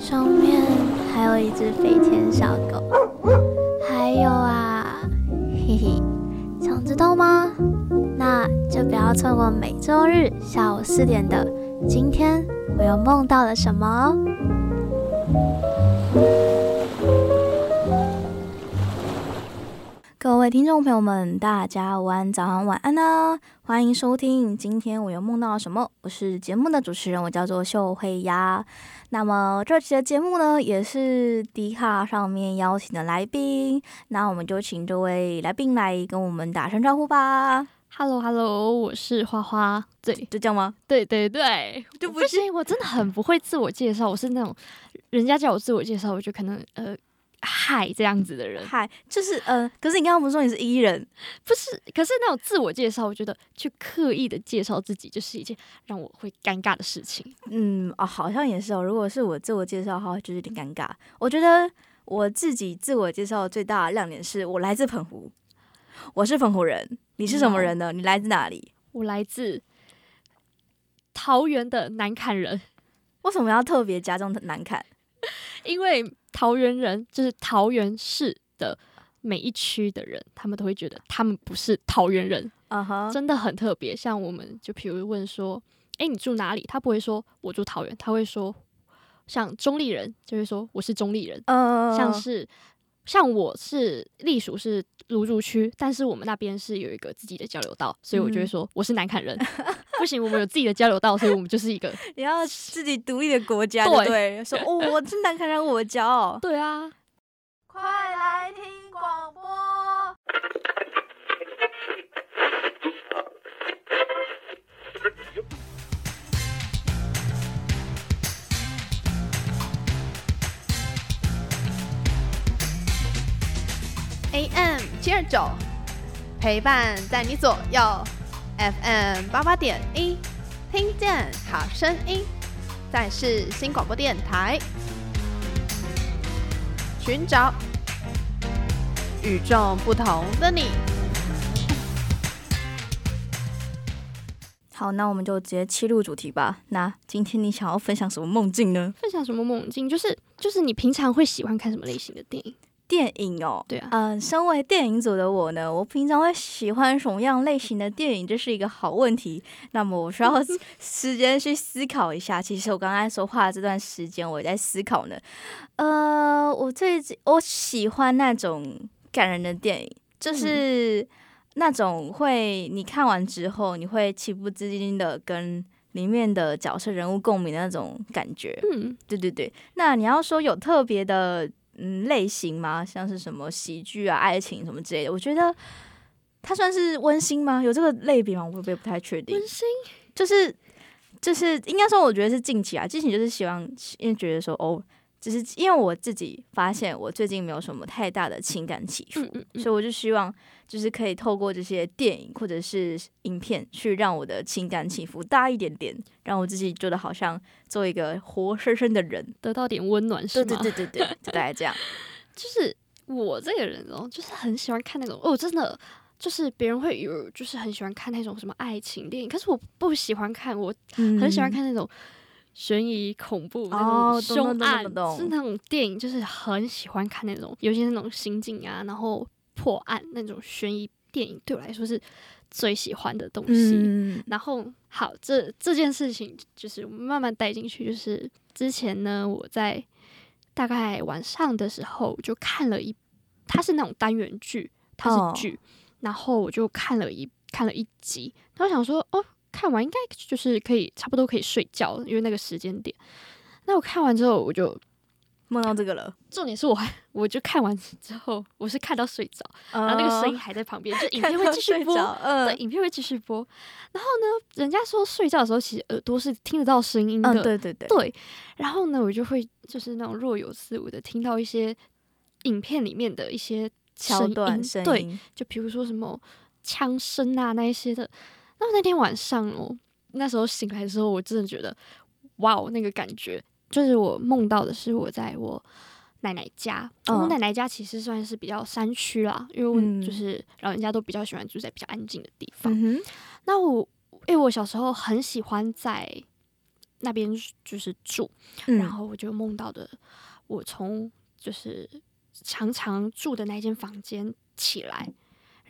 上面還有一隻飛天小狗，還有啊，嘿嘿，想知道嗎？那就不要錯過每周日下午四點的《今天我又夢到了什麼》。各位聽眾朋友們，大家晚安、早安、晚安呢、啊！歡迎收聽《今天我又夢到了什麼》，我是節目的主持人，我叫做秀惠鴨。那麼這期的節目呢，也是 Dcard 上面邀請的來賓，那我們就請這位來賓來跟我們打聲招呼吧。Hello，Hello，hello，我是花花，對，就這樣嗎？對對對，不行， 我真的很不會自我介紹，我是那種人家叫我自我介紹，我就可能呃。嗨，這樣子的人，嗨，就是呃，可是你剛剛不是說你是 E 人？不是，可是那種自我介紹，我覺得去刻意的介紹自己，就是一件讓我會尷尬的事情。嗯，哦，好像也是哦。如果是我自我介紹的話，就是有點尷尬，嗯。我覺得我自己自我介紹最大的亮點是我來自澎湖，我是澎湖人。你是什麼人呢、嗯？你來自哪裡？我來自桃園的南坎人。為什麼要特別加重的南崁？ 因為。桃園人就是桃園市的每一區的人，他們都會覺得他們不是桃園人，uh -huh. 真的很特別。像我們就，譬如問說，誒、欸，你住哪裡？他不會說我住桃園，他會說像中壢人，就會說我是中壢人，uh -huh. 像是。像我是隸屬是蘆竹區，但是我們那邊是有一個自己的交流道，所以我就會說我是南崁人。嗯、 不行，我們有自己的交流道，所以我們就是一個你要自己獨立的國家對、對，說、哦、我是南崁人，我驕傲， 對啊，快來聽廣播。 AM 七二九陪伴在你左右，FM 八八點一聽見好聲音，在世新廣播電臺，尋找與眾不同的你。好，那我們就直接切入主題吧。那今天你想要分享什麼夢境呢？分享什麼夢境？就是就是你平常會喜歡看什麼類型的電影？電影哦，對啊，嗯、呃，身為電影組的我呢，我平常會喜歡什麼樣類型的電影？這、就是一個好問題。那麼我需要時間去思考一下。 其實我剛才說話的這段時間，我也在思考呢。呃，我最我喜歡那種感人的電影，就是那種會你看完之後，你會情不自禁的跟裡面的角色人物共鳴的那種感覺。嗯， 對對對。那你要說有特別的。嗯，類型嗎？像是什麼喜劇啊、愛情什麼之類的，我覺得它算是溫馨嗎？有這個類別嗎？我會不會不太確定？溫馨就是就是，應該說，我覺得是近期啊，近期就是希望，因為覺得說哦。只是因為我自己發現我最近沒有什麼太大的情感起伏、嗯嗯嗯，所以我就希望就是可以透過這些電影或者是影片去讓我的情感起伏大一點點，讓我自己覺得好像做一個活生生的人，得到點溫暖，是嗎？對對對對對，就大概這樣。 就是我這個人哦，就是很喜歡看那種，哦，真的就是別人會有，就是很喜歡看那種什麼愛情電影，可是我不喜歡看，我很喜歡看那種。嗯懸疑、恐怖、oh，那種兇案，是那種電影，就是很喜歡看那種，尤其是那種刑警啊，然後破案那種懸疑電影，對我來說是最喜歡的東西。嗯、然後，好，這這件事情就是慢慢帶進去，就是之前呢，我在大概晚上的時候就看了一，它是那種單元劇，它是劇，oh。然後我就看了一看了一集，然後想說哦。看完應該就是可以差不多可以睡覺，因為那個時間點。那我看完之後，我就夢到這個了、呃。重點是我，我就看完之後，我是看到睡着、嗯，然後那個聲音還在旁邊，就影片會繼續播、嗯，對，影片會繼續播。然後呢，人家說睡覺的時候其實耳朵是聽得到聲音的、嗯，對對對。對，然後呢，我就會就是那種若有似無的聽到一些影片裡面的一些橋段聲音，對，就比如說什麼槍聲啊那一些的。那那天晚上，哦，那時候醒來的時候，我真的覺得，哇，那個感覺就是我夢到的是我在我奶奶家，嗯。我奶奶家其實算是比較山區啦，因為我就是老人家都比較喜歡住在比較安靜的地方，嗯。那我，因為我小時候很喜歡在那邊就是住，嗯，然後我就夢到的，我從就是常常住的那間房間起來。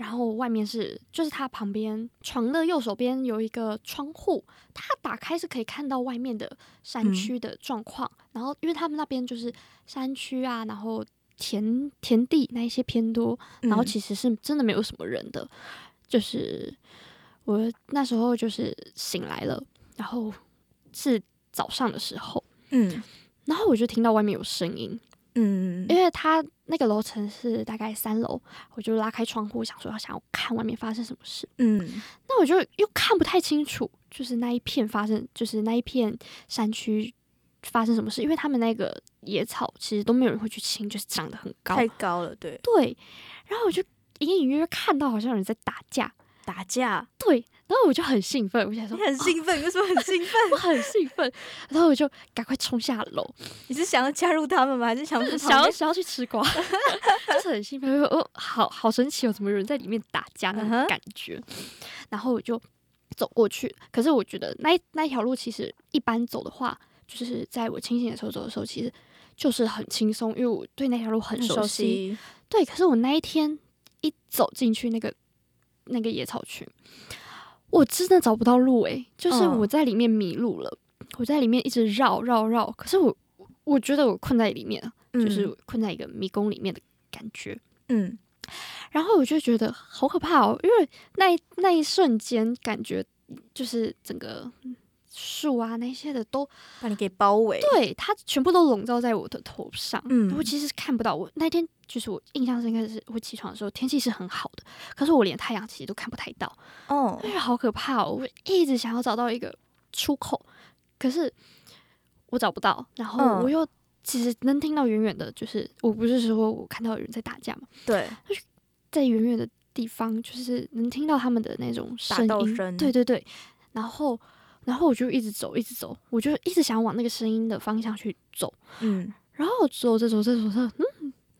然後外面是，就是它旁邊床的右手邊有一個窗戶，它打開是可以看到外面的山區的狀況，嗯。然後因為他們那邊就是山區啊，然後田田地那一些偏多，然後其實是真的沒有什麼人的。嗯，就是我那時候就是醒來了，然後是早上的時候，嗯，然後我就聽到外面有聲音。嗯，因為他那個樓層是大概三樓，我就拉開窗戶想說，要想要看外面發生什麼事。嗯，那我就又看不太清楚，就是那一片發生，就是那一片山區發生什麼事，因為他們那個野草其實都沒有人會去清，就是長得很高，太高了，對。對，然後我就隱隱約約看到好像有人在打架，打架，對。然後我就很興奮，我想說你很興奮，啊、你說很興奮，我 很興奮。然後我就趕快衝下樓。你是想要加入他們嗎？還是想想要，就是，想要去吃瓜？ 就是很興奮，我說哦，好好神奇哦，我怎麼有人在裡面打架那種、個感覺？Uh -huh. 然後我就走過去。可是我覺得那一那一條路其實一般走的話，就是在我清醒的時候走的時候，其實就是很輕鬆，因為我對那條路很熟悉。很熟悉。對，可是我那一天一走進去那個那個野草區，我真的找不到路誒、欸，就是我在裡面迷路了、嗯，我在裡面一直繞繞繞，可是我我覺得我困在裡面，嗯、就是困在一個迷宮裡面的感覺，嗯，然後我就覺得好可怕哦，因為那那一瞬間感覺就是整個樹啊那些的都把你給包圍，對，它全部都籠罩在我的頭上，嗯，我其實看不到我那天。就是我印象深刻是我起床的時候天氣是很好的，可是我連太陽其實都看不太到，哦，但是好可怕哦！我一直想要找到一個出口，可是我找不到。然後我又其實能聽到遠遠的，oh。就是我不是說我看到有人在打架嘛，對，在遠遠的地方，就是能聽到他們的那種聲音，對對對。然後，然後我就一直走，一直走，我就一直想往那個聲音的方向去走。嗯，然後我走着走着走着，嗯。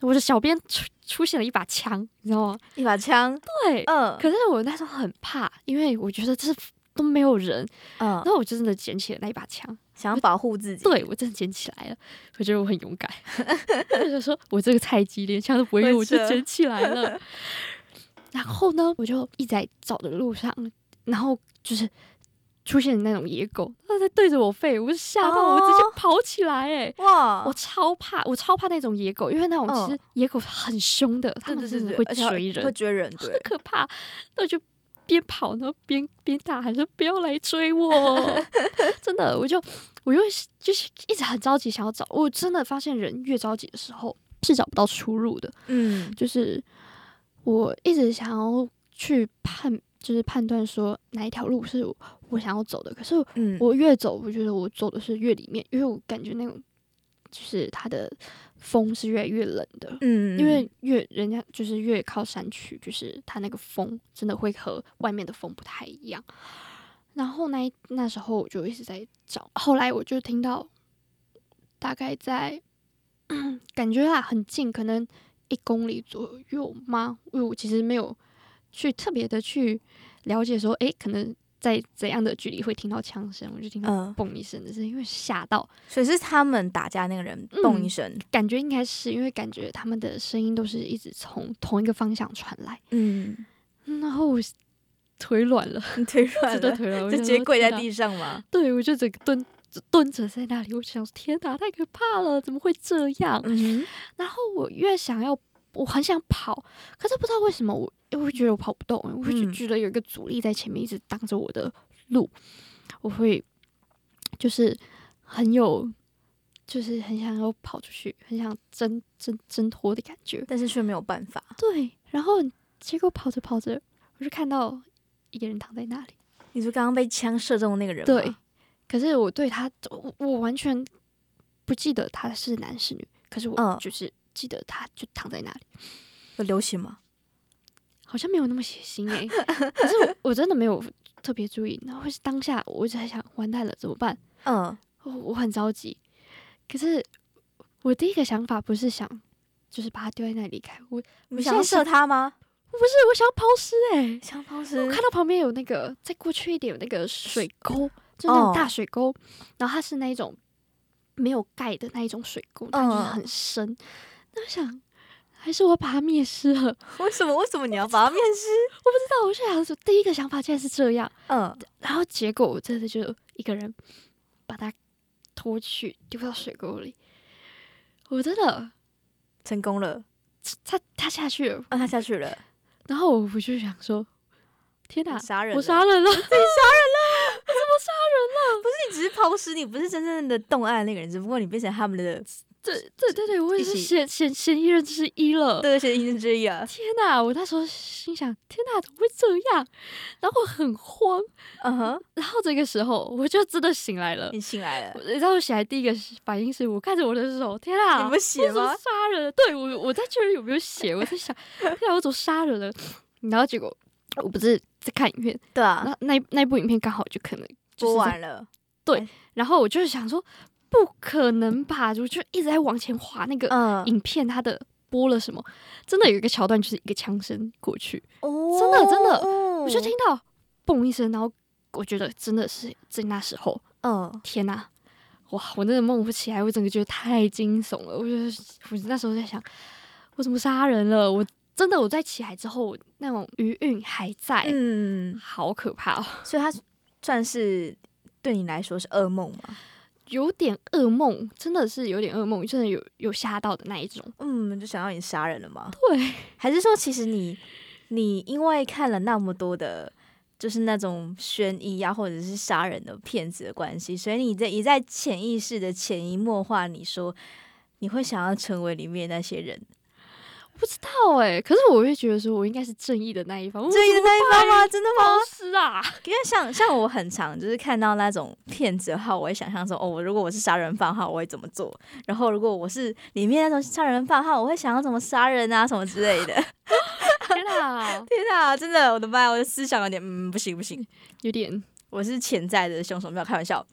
我的小編出出現了一把槍，你知道嗎？一把槍，對，嗯。可是我那時候很怕，因為我覺得這是都沒有人，嗯。那我就真的撿起了那一把槍，想要保護自己。對，我真的撿起來了，我覺得我很勇敢。 就是說我這個菜雞連槍都不會用，我就撿起來了。 然後呢，我就一直在找的路上，然後就是。出現那種野狗，他在對着我吠，我就嚇到，哦，我直接跑起來，欸，誒哇，我超怕，我超怕那種野狗，因為那種其實野狗很凶的，它就是會追人，對對對，會追人，很可怕。那我就邊跑，然後邊邊大喊說不要來追我。 真的，我就我又是就是一直很着急，想要找，我真的發現人越着急的時候是找不到出路的。嗯，就是我一直想要去判。就是判斷說哪一條路是我，我想要走的，可是我、嗯、我越走，我覺得我走的是越裡面，因為我感覺那種就是它的風是越來越冷的，嗯、因為越人家就是越靠山區，就是它那個風真的會和外面的風不太一樣。然後呢，那時候我就一直在找，後來我就聽到大概在、嗯、感覺它很近，可能一公里左右嗎？因為我其實沒有。去特別的去了解說，哎、欸，可能在怎樣的距離會聽到槍聲？我就聽到嘣一聲，是因為嚇到、嗯，所以是他們打架那個人嘣一聲、嗯，感覺應該是因為感覺他們的聲音都是一直從同一個方向傳來，嗯，然後我腿軟了，腿軟了，腿軟，直接跪在地上嘛。對，我就整個蹲蹲着在那裡，我想說，天吶，太可怕了，怎麼會這樣？嗯、然後我越想要。我很想跑，可是不知道為什麼，我又會覺得我跑不動、嗯，我會覺得有一個阻力在前面一直擋着我的路，我會就是很有，就是很想要跑出去，很想掙掙掙脫的感覺，但是卻沒有辦法。對，然後結果跑着跑着，我就看到一個人躺在那裡，你是剛剛被槍射中的那個人嗎？對，可是我對他，我我完全不記得他是男是女，可是我就是、嗯。記得他就躺在那裡，有流血嗎？好像沒有那麼血腥哎、欸。 可是我，我真的沒有特別注意。那會是當下，我就在想，完蛋了怎麼辦？嗯，我，我很着急。可是我第一個想法不是想，就是把它丟在那裡離開。我，你想要射他嗎？我不是，我想要拋屍哎、欸，想拋屍。我看到旁邊有那個，再過去一點有那個水溝，就那種大水溝、哦，然後它是那一種沒有蓋的那一種水溝，但就是很深。嗯。那我想，還是我把他滅屍了？為什麼？為什麼你要把他滅屍？我不知道。我是想說，第一個想法竟然是這樣。嗯。然後結果我真的就一個人把他拖去丟到水溝裡。我真的成功了。他他下去了。他、嗯、下去了。然後我回去想說，天哪！殺人！我殺人了！你殺人了！我殺人了！不是，你只是拋屍，你不是真正的動愛那個人。只不過你變成他們的。對對對對，我也是嫌一嫌嫌疑人之一了。對，嫌疑人之一啊！天哪，我那時候心想：天哪，怎麼會這樣？然後我很慌，嗯哼。然後這個時候，我就真的醒來了。你醒來了？我然後醒來第一個反應是我看着我的手，天哪，怎麼我殺人了？對我，我在確認有沒有血。 我在想，天哪，我怎麼殺人了？ 然後結果我不是在看影片，對啊，那那一部影片剛好就可能播完了。對， 然後我就是想說。不可能吧！就就一直在往前滑那個影片，它的播了什麼？嗯、真的有一個橋段，就是一個槍聲過去哦，真的真的，哦，我就聽到嘣一聲，然後我覺得真的是在那時候，嗯，天哪，啊，哇！我那個夢不起來，我整個覺得太驚悚了。我覺得我那時候在想，我怎麼殺人了？我真的我在起來之後那種餘韻還在，嗯，好可怕，哦。所以它算是對你來說是噩夢嗎？有點噩夢，真的是有點噩夢，真的有有嚇到的那一種，嗯，就想要你殺人了嗎？對，還是說其實你你因為看了那麼多的，就是那種懸疑呀或者是殺人的片子的關係，所以你在也在潛意識的潛移默化，你說你會想要成為裡面那些人。不知道哎、欸，可是我會覺得說，我應該是正義的那一方，正義的那一方嗎？真的嗎？是啊，因為像像我很常就是看到那種騙子的話，我會想象說，哦，如果我是殺人犯的話，我會怎麼做？然後如果我是裡面那種殺人犯的話，我會想要怎麼殺人啊，什麼之類的。 天吶哪！ 天吶！真的，我的媽呀，我的思想有點，嗯，不行不行，有點，我是潛在的凶手，沒有開玩笑。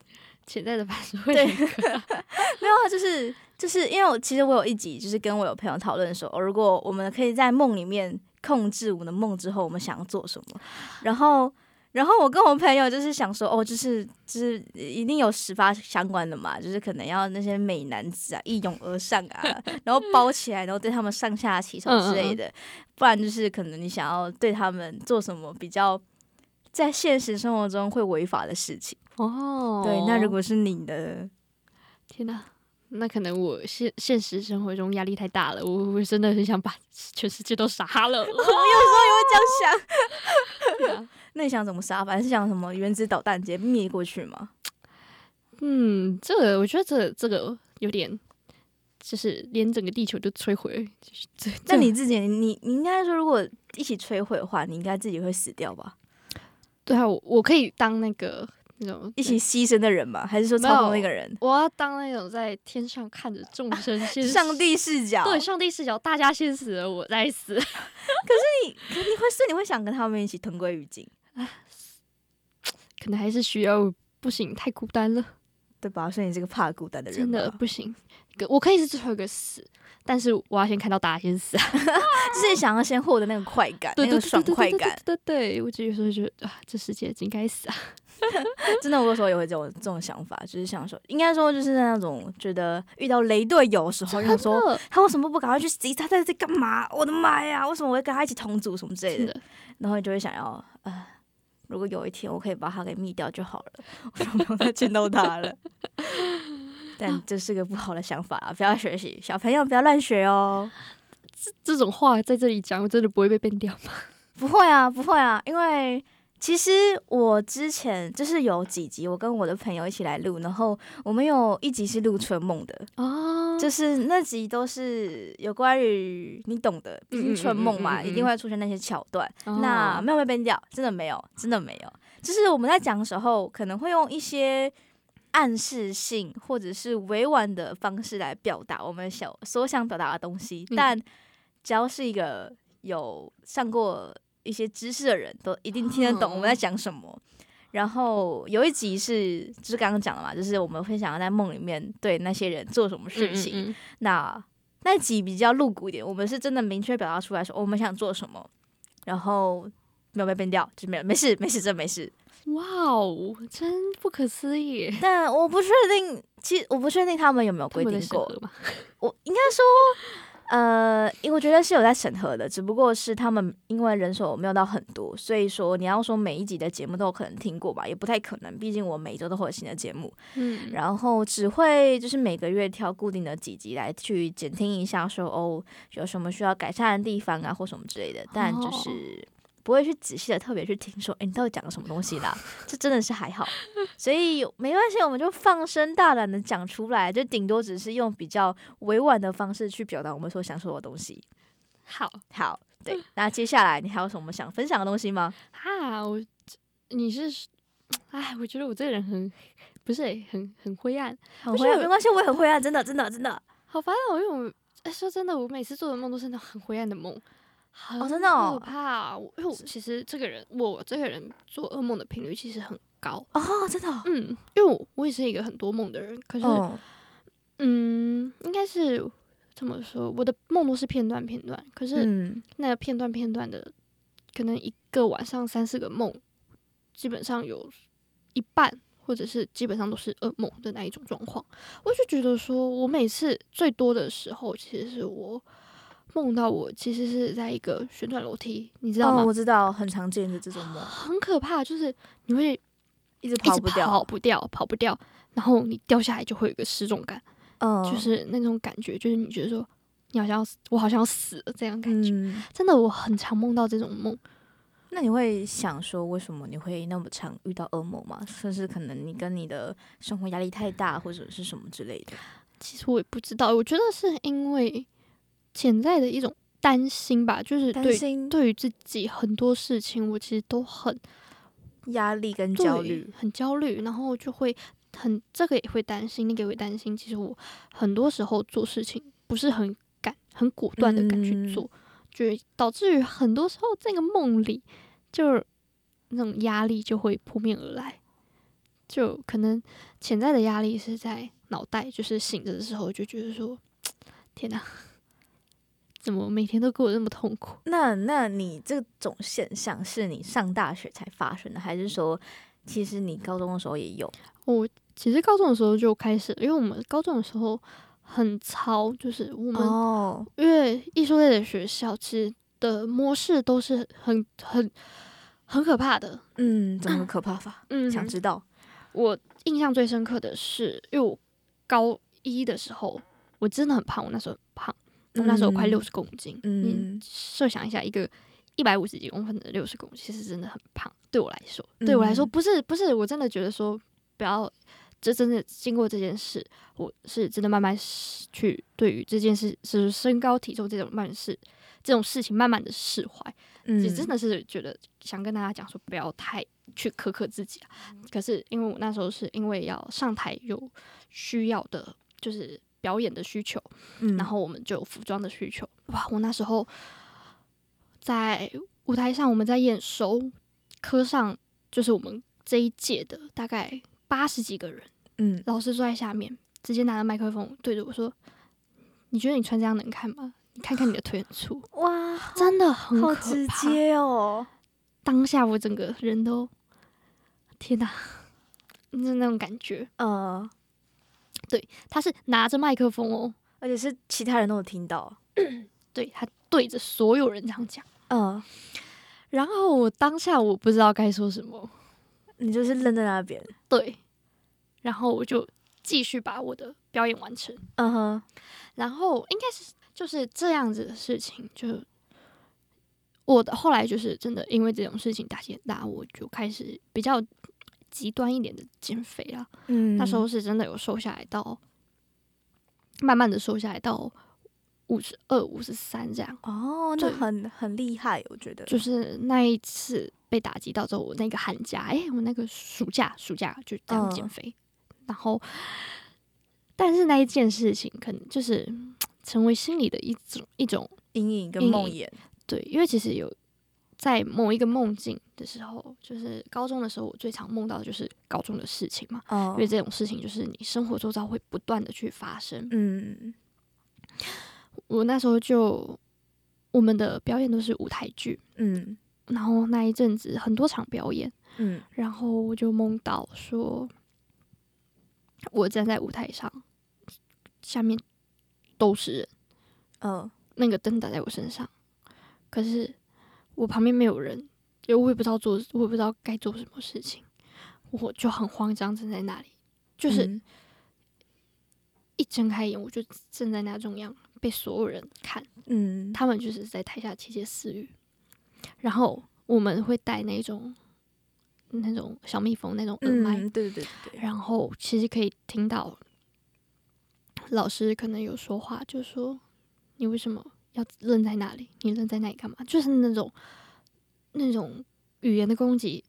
潛在的吧，對， 沒有啊，就是就是因為我其實我有一集就是跟我有朋友討論說，哦，如果我們可以在夢裡面控制我們的夢之後，我們想要做什麼？然後然後我跟我朋友就是想說，哦，就是就是一定有十發相關的嘛，就是可能要那些美男子啊一擁而上啊， 然後包起來，然後對他們上下其手之類的嗯嗯，不然就是可能你想要對他們做什麼比較在現實生活中會違法的事情。哦、oh.，對，那如果是你的天吶，那可能我現現實生活中壓力太大了，我我真的很想把全世界都殺了。我有時候也會這樣想。 那你想怎麼殺？反正是想什麼原子導彈直接滅過去嘛。嗯，這個我覺得這個、這個有點，就是連整個地球都摧毀。這這那你自己，你你應該說，如果一起摧毀的話，你應該自己會死掉吧？對啊，我我可以當那個。那、no, 種一起犧牲的人吧，還是說操控那個人？我要當那種在天上看着眾生， 上帝視角。對，上帝視角，大家先死了，我再死 可。可是你，你會是，你會想跟他們一起同歸於盡？可能還是需要，不行，太孤單了，對吧？所以你這個怕孤單的人，真的不行。我可以是最後一個死，但是我要先看到大家先死啊啊， 就是想要先獲得那種快感對對對對對對對對，那個爽快感。對對,對,對,對,對,對,對，我有時候就覺得啊，這世界真該死啊！ 真的，我有時候也會這種這種想法，就是想說，應該說就是在那種覺得遇到雷隊友的時候，你說他為什麼不趕快去死？他在這幹嘛？我的媽呀！為什麼我會跟他一起同組？什麼之類的，的然後你就會想要，啊、呃，如果有一天我可以把他給滅掉就好了，我就不要再見到他了。 但這是個不好的想法啊，不要學習，小朋友不要亂學哦。這這種話在這裡講，我真的不會被 ban 掉嗎？不會啊，不會啊，因為其實我之前就是有幾集，我跟我的朋友一起來錄，然後我們有一集是錄春夢的哦，就是那集都是有關於你懂的，畢竟春夢嘛嗯嗯嗯嗯嗯，一定會出現那些橋段。哦，那沒有被 ban 掉，真的沒有，真的沒有。就是我們在講的時候，可能會用一些。暗示性或者是委婉的方式來表達我們想所想表達的東西，嗯，但只要是一個有上過一些知識的人，都一定聽得懂我們在講什麼，哦。然後有一集是就是剛剛講了嘛，就是我們分享在夢裡面對那些人做什麼事情。嗯嗯嗯，那那集比較露骨一點，我們是真的明確表達出來說我們想做什麼，然後沒有被變變掉，就是沒有，沒事，沒事，這沒事。哇哦，真不可思議！但我不確定，其實我不確定他們有沒有規定過。我應該說， 呃，因為我覺得是有在審核的，只不過是他們因為人手沒有到很多，所以說你要說每一集的節目都有可能聽過吧，也不太可能。畢竟我每周都會有新的節目，嗯，然後只會就是每個月挑固定的幾集來去檢聽一下說，說哦有什麼需要改善的地方啊，或什麼之類的。但就是。哦不會去仔細的、特別去聽說，哎、欸，你到底講了什麼東西啦？ 這真的是還好，所以沒關係，我們就放聲大膽的講出來，就頂多只是用比較委婉的方式去表達我們所想說的東西。好，好，對。那接下來你還有什麼想分享的東西嗎？ 啊，我你是，哎，我覺得我這個人很不是、欸、很很灰暗、不是、很灰暗，沒關沒關係，我也很灰暗， 真的，真的，真的，好煩啊！我因為我，哎，說真的，我每次做的夢都是那種很灰暗的夢。好、啊 oh, 真的，哦，好怕。因為我其實這個人，我這個人做噩夢的頻率其實很高。哦、oh,，真的，哦。嗯，因為我我也是一個很多夢的人，可是，oh. 嗯，應該是怎麼說？我的夢都是片段片段，可是、嗯、那個片段片段的，可能一個晚上三四個夢，基本上有一半或者是基本上都是噩夢的那一種狀況。我就覺得說，我每次最多的時候，其實是我。夢到我其實是在一個旋轉樓梯，你知道嗎？哦，我知道很常見的這種夢，很可怕，就是你會一直跑不掉，跑不掉，跑不掉，然後你掉下來就會有一個失重感，嗯，就是那種感覺，就是你覺得說你好像我好像死了這樣感覺，嗯。真的，我很常夢到這種夢。那你會想說，為什麼你會那麼常遇到噩夢嗎？甚 至可能你跟你的生活壓力太大，或者是什麼之類的？其實我也不知道，我覺得是因為。潛在的一種擔心吧，就是對、擔心、對於自己很多事情，我其實都很壓力跟焦慮，很焦慮，然後就會很這個也會擔心，那個也會擔心。其實我很多時候做事情不是很敢、很果斷的敢去做，嗯、就導致於很多時候這個夢裡就，就那種壓力就會撲面而來，就可能潛在的壓力是在腦袋，就是醒着的時候就覺得說，天哪！怎麼每天都給我那麼痛苦？那那你這種現象是你上大學才發生的，還是說其實你高中的時候也有？我其實高中的時候就開始，因為我們高中的時候很操，就是我們、oh. 因為藝術類的學校，其實的模式都是很很很可怕的。嗯，怎麼可怕法？嗯， 想知道。我印象最深刻的是，因為我高一的時候我真的很胖，我那時候胖。那時候快六十公斤，嗯，設、嗯嗯、想一下，一個一百五十幾公分的六十公，其實真的很胖。對我來說，對我來說，嗯、不是不是，我真的覺得說不要，這真的經過這件事，我是真的慢慢去，對於這件事，是，是身高體重這種慢事這種事情，慢慢的釋懷。也真的是覺得想跟大家講說，不要太去苛刻自己啊。可是因為我那時候是因為要上台有需要的，就是。表演的需求，然後我們就有服裝的需求、嗯。哇！我那時候在舞台上，我們在驗收科上，就是我們這一屆的大概八十幾個人。嗯，老師坐在下面，直接拿着麥克風對着我說：“你覺得你穿這樣能看嗎？ 你看看你的腿很粗。”哇，真的很可怕好直接哦。當下我整個人都……天吶、啊，就是那種感覺。嗯、呃。對，他是拿着麥克風哦，而且是其他人都有聽到。 對，他對着所有人這樣講，嗯。然後我當下我不知道該說什麼，你就是愣在那邊，對。然後我就繼續把我的表演完成，嗯哼。然後應該是就是這樣子的事情，就我的後來就是真的因為這種事情打擊很大，我就開始比較。極端一點的減肥啊，嗯，那時候是真的有瘦下來到，慢慢的瘦下來到五十二、五十三這樣。哦，那很就很厲害，我覺得。就是那一次被打擊到之後，我那個寒假，哎、欸，我那個暑假，暑假就這樣減肥、嗯，然後，但是那一件事情可能就是成為心裡的一種一種陰影跟夢魘。對，因為其實有。在某一個夢境的時候，就是高中的時候，我最常夢到的就是高中的事情嘛。哦、oh.。因為這種事情就是你生活周遭會不斷的去發生。嗯。我那時候就我們的表演都是舞台劇。嗯。然後那一陣子很多場表演。嗯。然後我就夢到說，我站在舞台上，下面都是人。嗯、oh.。那個燈打在我身上，可是。我旁邊沒有人，因為我也不知道做，我也不知道該做什麼事情，我就很慌張，站在那裡，就是、嗯、一睜開眼我就站在那中央，被所有人看。嗯，他們就是在台下竊竊私語，然後我們會戴那種那種小蜜蜂那種耳麥，嗯、對，對對對，然後其實可以聽到老師可能有說話，就說你為什麼。要愣在那裡，你愣在那裡幹嘛？就是那種，那種語言的攻擊，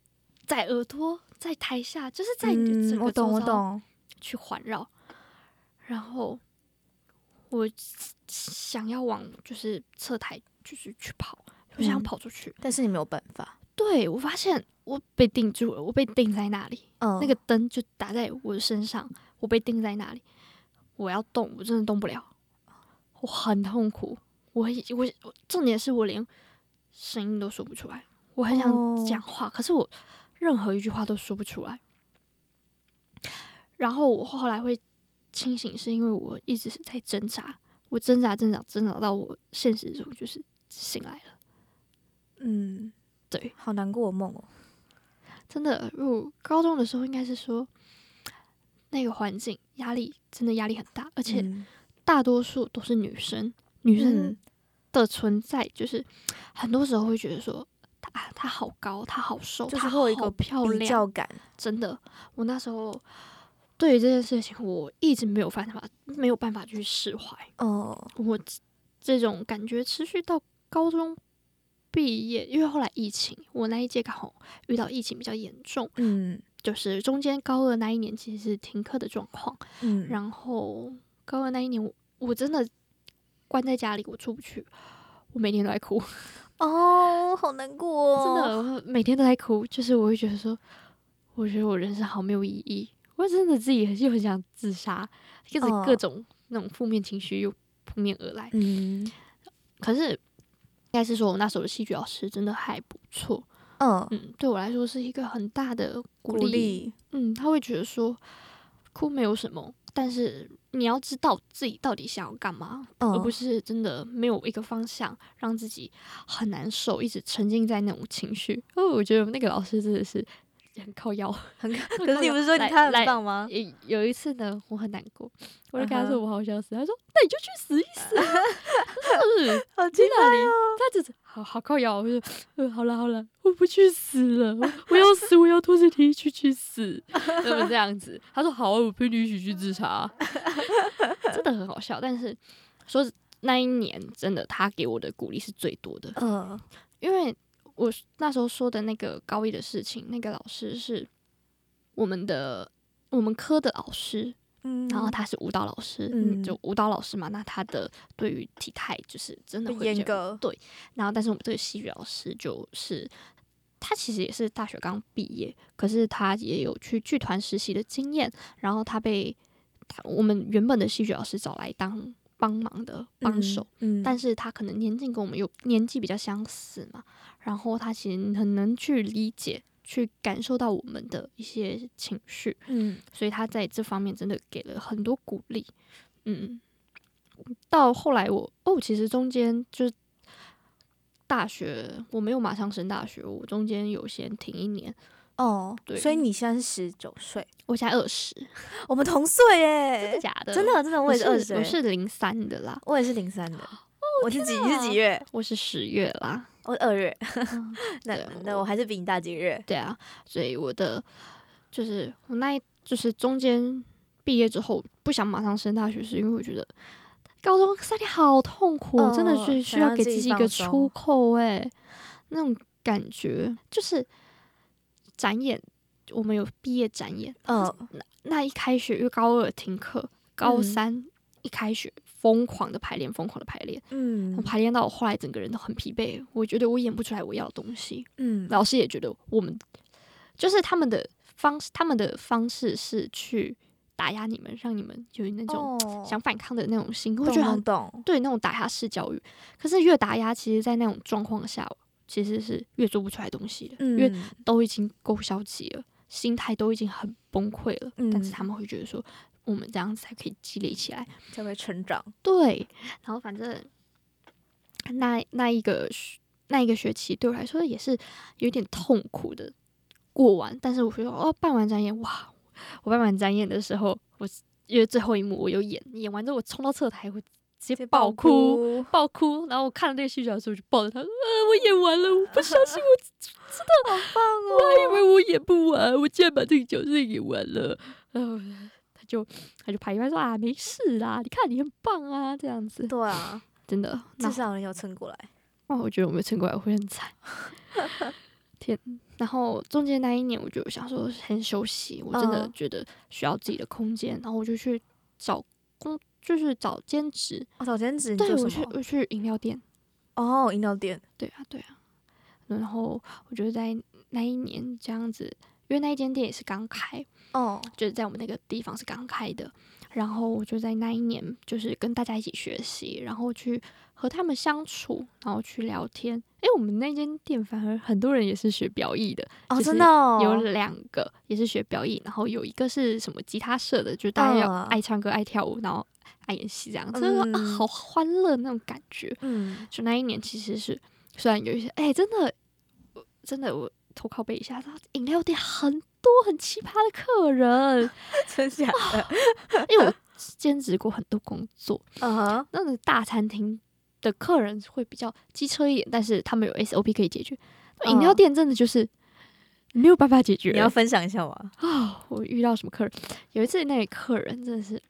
在耳朵，在台下，就是在這個周遭、嗯、我懂，我懂去環繞。然後我想要往就是側台，就是去跑，嗯、我想跑出去，但是你沒有辦法。對，我發現我被定住了，我被定在那裡、嗯，那個燈就打在我的身上，我被定在那裡，我要動，我真的動不了，我很痛苦。我我我重點是我連聲音都說不出來，我很想講話，oh. 可是我任何一句話都說不出來。然後我後來會清醒，是因為我一直是在掙扎，我掙扎掙扎掙扎到我現實中就是醒來了。嗯、mm.，對，好難過我夢哦，真的。入高中的時候，應該是說那個環境壓力真的壓力很大，而且大多數都是女生，mm. 女生、mm.。的存在就是，很多時候會覺得說，他啊，他好高，他好瘦，他、嗯、就是、好漂亮。比較感真的，我那時候對於這件事情，我一直沒有辦法，沒有辦法去釋懷。哦、嗯，我這種感覺持續到高中畢業，因為後來疫情，我那一屆剛好遇到疫情比較嚴重。嗯，就是中間高二那一年其實是停課的狀況。嗯，然後高二那一年我，我我真的。關在家裡，我出不去，我每天都在哭，哦，好難過哦，真的，每天都在哭，就是我會覺得說，我覺得我人生好沒有意義，我真的自己很，又很想自殺，就是各種那種負面情緒又撲面而來，嗯。可是，應該是說，我那時候的戲劇老師真的還不錯，嗯，嗯，對我來說是一個很大的鼓勵，嗯，他會覺得說，哭沒有什麼，但是。你要知道自己到底想要幹嘛，uh. 而不是真的沒有一個方向，讓自己很難受，一直沉浸在那種情緒。哦，我覺得那個老師真的是很靠腰，很靠腰。很靠 可是你不是說你他很棒嗎來來？有一次呢，我很難過，我就跟他說我好想死，他說那你就去死一死啊，是好驚呆，他就說 是。好靠腰，我說，嗯、好了好了，我不去死了，我要死，我要拖着你一起 去死，就是這樣子，他說好，我陪你一起去自殺， 真的很好笑。但是說那一年真的，他給我的鼓勵是最多的，嗯、呃，因為我那時候說的那個高一的事情，那個老師是我們的我們科的老師。然後他是舞蹈老師，嗯，就舞蹈老師嘛，那他的對於體態就是真的會嚴格。對，然後但是我們這個戲劇老師就是，他其實也是大學剛剛畢業，可是他也有去劇團實習的經驗。然後他被他我們原本的戲劇老師找來當幫忙的幫手，嗯嗯，但是他可能年紀跟我們有年紀比較相似嘛，然後他其實很能去理解。去感受到我們的一些情緒，嗯，所以他在這方面真的給了很多鼓勵，嗯。到後來我哦，其實中間就是大學，我沒有馬上升大學，我中間有先停一年。哦，對，所以你現在是十九歲？我現在二十，我們同歲耶。真的假的？真的，真的，我也是二十，我是零三的啦。我也是零三的。哦，我是幾？你是幾月？我是十月啦。我二月， 那、嗯啊、那我還是比你大幾月。對啊，所以我的就是我那一，一就是中間畢業之後不想馬上升大學，是因為我覺得高中三年好痛苦，呃、真的是需要給自己一個出口、欸。哎，那種感覺就是展演，我們有畢業展演。嗯、呃，那那一開學，因為高二停課，高三一開學。嗯瘋狂的排練，瘋狂的排練，嗯，排練到我後來整個人都很疲憊，我覺得我演不出來我要的東西，嗯，老師也覺得我們就是他們的方式，他們的方式是去打壓你們，讓你們有那種想反抗的那種心、哦，我覺得很懂，懂，對那種打壓式教育，可是越打壓，其實在那種狀況下，其實是越做不出來東西的，嗯、因為都已經夠消極了，心態都已經很崩潰了，嗯、但是他們會覺得說，我們這樣子才可以積累起來，才會成長。對，然後反正那那一個那一個學期對我來說也是有點痛苦的過完。但是我說哦，辦完展演哇，我辦完展演的時候，我因為最後一幕我有演，演完之後我衝到側台我直接，直接爆哭，爆哭。然後我看了那個戲劇老師的時候，我就抱着他啊，我演完了，我不相信， 我真的好棒哦！我還以為我演不完，我竟然把這個角色演完了。就他就拍一拍說啊沒事啦，你看你很棒啊，這樣子。對啊，真的至少你有人要撐過來。哦，我覺得我沒有撐過來我會很慘。 天，然後中間那一年，我就想說先休息，我真的覺得需要自己的空間、嗯，然後我就去找工，就是找兼職、哦。找兼職？對，我去我去飲料店。哦，飲料店。對啊，對啊。然後我覺得在那一年這樣子。因為那一間店也是剛開，哦、oh.，就是在我們那個地方是剛開的。然後我就在那一年，就是跟大家一起學習，然後去和他們相處，然後去聊天。哎、欸，我們那間店反而很多人也是學表演的，哦，真的有兩個也是學表演、哦，然後有一個是什麼吉他社的，就大家要愛唱歌、愛跳舞，然後愛演戲，這樣、oh. 真的、mm. 好歡樂那種感覺。嗯、mm.，就那一年其實是雖然有一些，哎、欸，真的，真的我。投靠背一下，他說飲料店很多很奇葩的客人，真假的、哦？因為我兼職過很多工作，嗯、uh -huh. 那種大餐廳的客人會比較機車一點，但是他們有 SOP 可以解決。那個、飲料店真的就是沒有辦法解決、嗯。你要分享一下嗎？啊、哦，我遇到什麼客人？有一次那個客人真的是，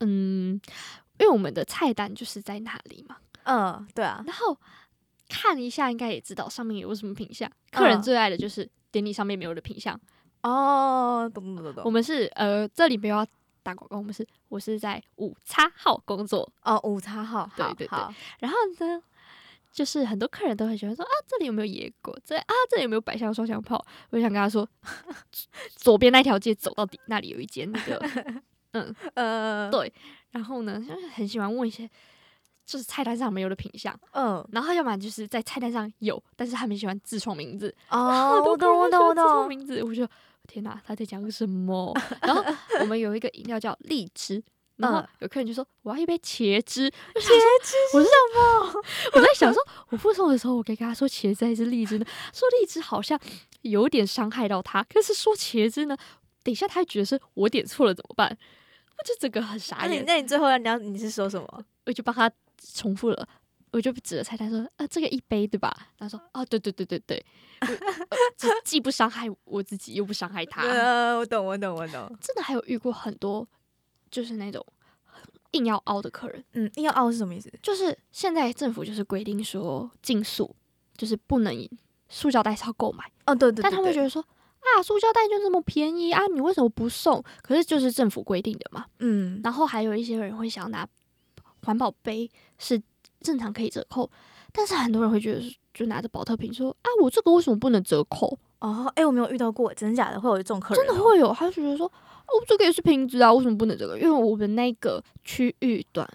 嗯，因為我們的菜單就是在那裡嘛，嗯、uh,，對啊，然後。看一下應該也知道上面有什麼品項，客人最愛的就是典禮上面沒有的品項。哦，懂懂懂懂。我們是呃這裡沒有要打廣告，我們是我是在五叉號工作哦，五叉號，對對對。然後呢，就是很多客人都很喜歡說啊這裡有沒有椰果、啊？這啊這裡有沒有百香雙響炮？我想跟他說，左邊那條街走到底那裡有一間那個，嗯呃對。然後呢，就是很喜歡問一些。就是菜單上沒有的品項，嗯，然後要不然就是在菜單上有，但是他們喜歡自創名字。哦，我懂，我懂，我懂。名字，no, no, no, no 我就天哪，他在講什麼？ 然後我們有一個飲料叫荔枝、嗯，然後有客人就說我要一杯茄汁。」茄汁？是什麼？我, 我在想說，我複誦的時候，我可以跟他說茄汁還是荔枝呢？說荔枝好像有點傷害到他，可是說茄汁呢，等一下他還覺得是我點錯了怎麼辦？我就整個很傻眼。啊、你那你最後要你要你是說什麼？我就幫他。重複了，我就指着菜單說啊，這個一杯對吧？他說啊，對對對對對，啊、既不傷害我自己，又不傷害他。啊、我懂我懂我懂。真的還有遇過很多，就是那種硬要凹的客人。嗯，硬要凹是什麼意思？就是現在政府就是規定說禁塑，就是不能塑膠袋超購買。哦、啊，對對，對對。但他們覺得說啊，塑膠袋就這麼便宜啊，你為什麼不送？可是就是政府規定的嘛。嗯。然後還有一些人會想拿。環保杯是正常可以折扣，但是很多人會覺得，就拿着寶特瓶說：“啊，我這個為什麼不能折扣？”哦，哎、欸，我沒有遇到過，真假的會有一種可能、哦，真的會有，他就覺得說：“哦、啊，我這個也是瓶子啊，為什麼不能這個？”因為我們那個區域段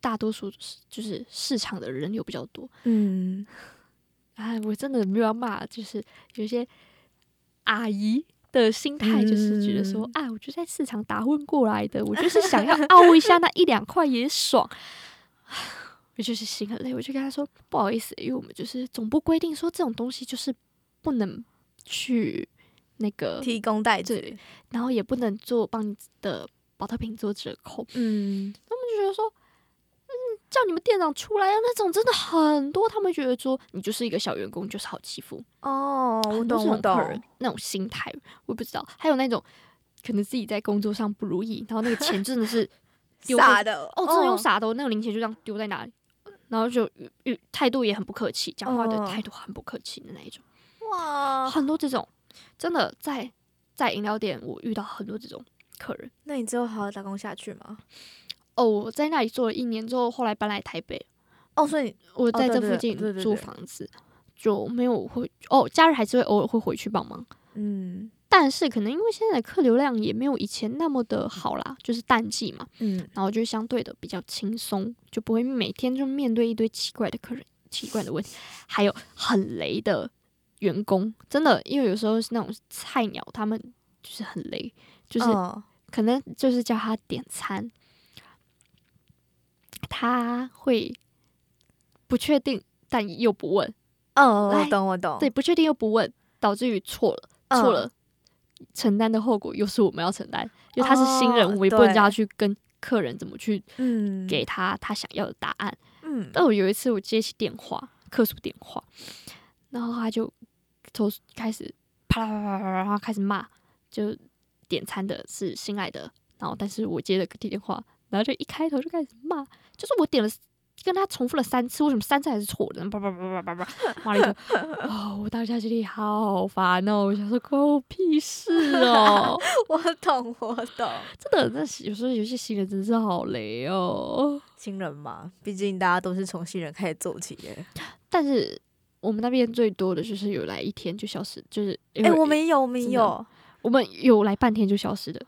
大多數、就是、就是市場的人又比較多，嗯，哎，我真的沒有要罵，就是有些阿姨。的心態就是覺得說，嗯、啊，我就在市場打混過來的，我就是想要凹一下那一兩塊也爽。 我就是心很累，我就跟他說不好意思、欸，因為我們就是總部規定說，這種東西就是不能去那個提供袋子，對，然後也不能做幫你的寶特瓶做折扣。嗯，他們就覺得說。叫你們店長出來，啊，那種真的很多，他們覺得說，你就是一個小員工，就是好欺負哦，都、oh, 是這種客人那種心態，我也不知道。還有那種可能自己在工作上不如意，然後那個錢真的是 傻的哦，真的用傻的、哦，oh. 那個零錢就這樣丟在那裡，然後就態度也很不客氣，講話的態度很不客氣的那一種。哇、oh. 很多這種真的在在飲料店，我遇到很多這種客人。那你之後好好打工下去嗎？哦，我在那裡做了一年之後，後來搬來台北。哦、oh,，所以我在這附近租、oh, 房子，就沒有會哦，假日還是會偶爾會回去幫忙。嗯，但是可能因為現在的客流量也沒有以前那麼的好啦、嗯，就是淡季嘛。嗯，然後就相對的比較輕鬆，就不會每天就面對一堆奇怪的客人、奇怪的問題， 還有很雷的員工。真的，因為有時候是那種菜鳥，他們就是很雷，就是、oh. 可能就是叫他點餐。他會不確定，但又不問。哦、oh,，我懂，我懂。對，不確定又不問，導致於錯了，錯、uh. 了，承擔的後果又是我們要承擔。因為他是新人，oh, 我也不知道去跟客人怎麼去給他他想要的答案。嗯，但我有一次我接起電話，客訴電話，然後他就從開始啪啦啪啪啪然後開始罵，就點餐的是新來的，然後但是我接了個電話，然後就一開頭就開始罵。就是我點了，跟他重複了三次，為什麼三次還是錯的？叭，叭叭叭叭叭叭！瑪麗說：“哦，我當下心裡好，好煩哦，我想說，關、哦、我屁事哦。 ”我懂，我懂。真的，那有時候有些新人真是好雷哦。新人嘛，畢竟大家都是從新人開始做起的。但是我們那邊最多的就是有來一天就消失，就是因、欸、我沒有，沒有，我們有來半天就消失的。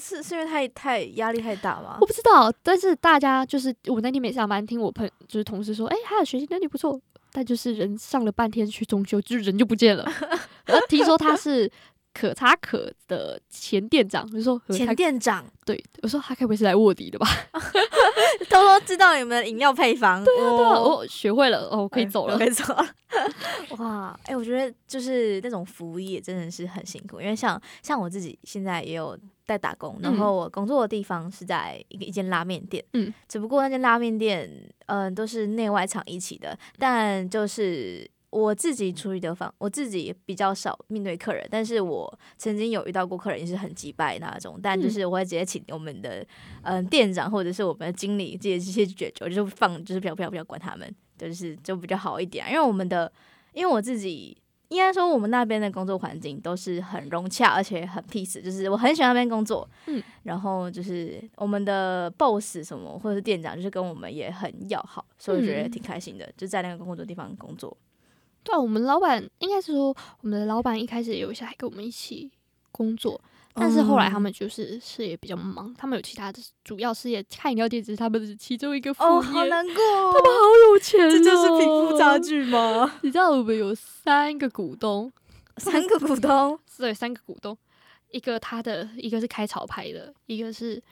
是是因為太太壓力太大嗎？我不知道，但是大家就是我那天沒上班，聽我朋，就是同事說，哎、欸，他的學習能力不錯，但就是人上了半天去中秋，就是人就不見了。然後聽 說他是。可擦可的前店長，你、就是、說有有前店長。對，我說他該不會是來臥底的吧？ 偷偷知道你們的飲料配方， 對啊對啊，對啊，我學會了哦，我可以走了，欸、我可以走了。 哇，哎、欸，我覺得就是那種服務業真的是很辛苦，因為像像我自己現在也有在打工，然後我工作的地方是在一個一間拉面店、嗯，只不過那間拉面店嗯、呃、都是內外場一起的，但就是。我自己處理的方，我自己比較少面對客人，但是我曾經有遇到過客人也是很機掰那種，但就是我會直接請我們的嗯店長或者是我們的經理這些去解決，我就放就是不要不要不要管他們，就是就比較好一點、啊。因為我們的因為我自己應該說我們那邊的工作環境都是很融洽，而且很 peace，就是我很喜歡那邊工作、嗯。然後就是我們的 boss 什麼或者是店長，就是跟我們也很要好，所以我覺得挺開心的，嗯、就在那個工作的地方工作。對、啊，我們老闆應該是說，我們的老闆一開始也有下來跟我們一起工作，但是後來他們就是事業比較忙，他們有其他的主要事業，開飲料店只是他們的其中一個副業。哦，好難過、哦，他們好有錢、哦，這就是貧富差距嗎？你知道我們有三個股東，三個股東，對，三個股東，一個他的一個是開潮牌的，一個是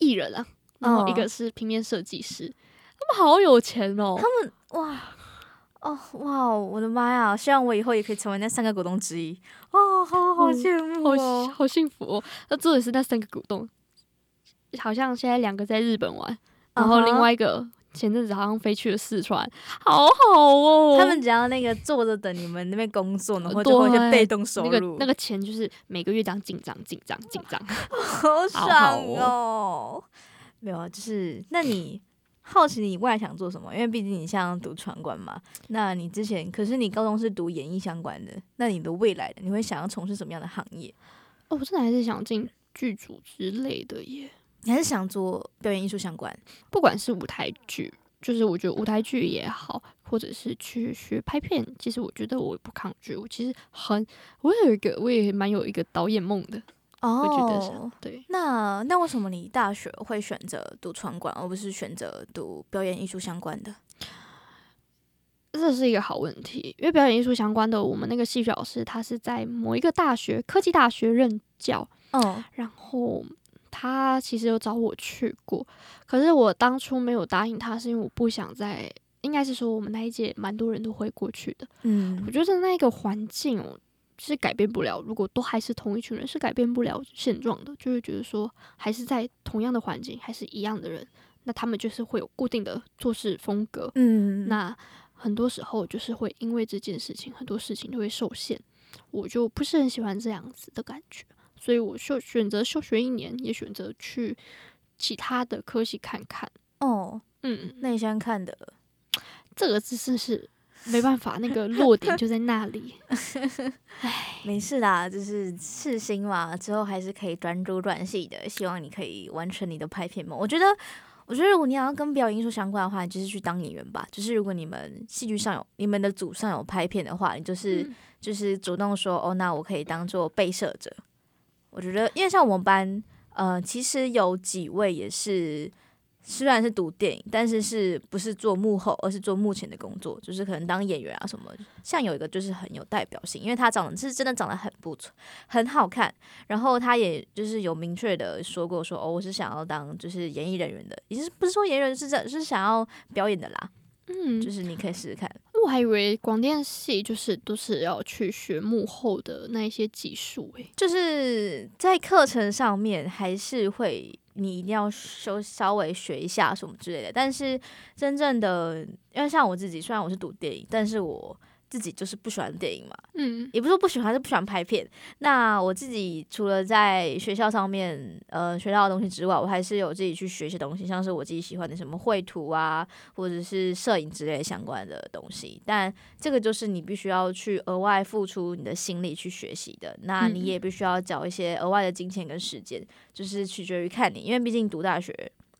藝人啊，然後一個是平面設計師，哦、他們好有錢哦，他們哇。哦哇，我的媽呀！希望我以後也可以成為那三個股東之一哦，好，好羨慕哦，好幸福哦。那、哦、做的是那三個股東，好像現在兩個在日本玩，uh-huh. 然後另外一個前陣子好像飛去了四川，好好哦。他們只要那個坐着等你們那邊工作，然後多一些被動收入、那個，那個錢就是每個月這樣緊張，緊張，緊張、 哦，好爽哦。沒有，就是那你。好奇你未來想做什麼，因為畢竟你像讀傳管嘛。那你之前，可是你高中是讀演藝相關的，那你的未來的你會想要從事什麼樣的行業？哦，我真的還是想進劇組之類的耶。你還是想做表演藝術相關，不管是舞台劇，就是我覺得舞台劇也好，或者是去學拍片，其實我覺得我不抗拒，我其實很，我也有一個，我也蠻有一個導演夢的。哦、oh,，對，那那為什麼你大學會選擇讀傳管，而不是選擇讀表演藝術相關的？這是一個好問題，因為表演藝術相關的，我們那個戲劇老師他是在某一個大學科技大學任教，嗯、oh.，然後他其實有找我去過，可是我當初沒有答應他，是因為我不想在，應該是說我們那一屆蠻多人都會過去的，嗯，我覺得那個環境。是改變不了，如果都還是同一群人，是改變不了現狀的，就是覺得說，還是在同樣的環境，還是一樣的人，那他們就是會有固定的做事風格。嗯，那很多時候就是會因為這件事情，很多事情就會受限。我就不是很喜歡這樣子的感覺，所以我休選擇休學一年，也選擇去其他的科系看看。哦，嗯，那你先看的這個姿勢是。沒辦法，那個弱點就在那裡。 唉，沒事啦，就是試心嘛，之後還是可以轉組、轉系的。希望你可以完成你的拍片夢。我覺得，我覺得如果你想要跟表演藝術相關的話，你就是去當演員吧。就是如果你們戲劇上有你們的組上有拍片的話，你就是、嗯、就是主動說哦，那我可以當做被攝者。我覺得，因為像我們班，呃，其實有幾位也是。雖然是讀電影，但是是不是做幕後，而是做幕前的工作，就是可能當演員啊什麼。像有一個就是很有代表性，因為他長得是真的長得很不錯，很好看。然後他也就是有明確的說過說，說哦，我是想要當就是演藝人員的，也就是不是說演員，是想、是想要表演的啦。嗯，就是你可以試試看。我還以為廣電系就是都是要去學幕後的那一些技術，欸，就是在課程上面還是會。你一定要稍稍微學一下什麼之類的，但是真正的，因為像我自己，雖然我是讀電影，但是我。自己就是不喜歡電影嘛，嗯，也不是說不喜歡，還是不喜歡拍片。那我自己除了在學校上面呃學到的東西之外，我還是有自己去學習東西，像是我自己喜歡的什麼繪圖啊，或者是攝影之類相關的東西。但這個就是你必須要去額外付出你的心力去學習的，那你也必須要找一些額外的金錢跟時間，嗯，就是取決於看你，因為畢竟讀大學，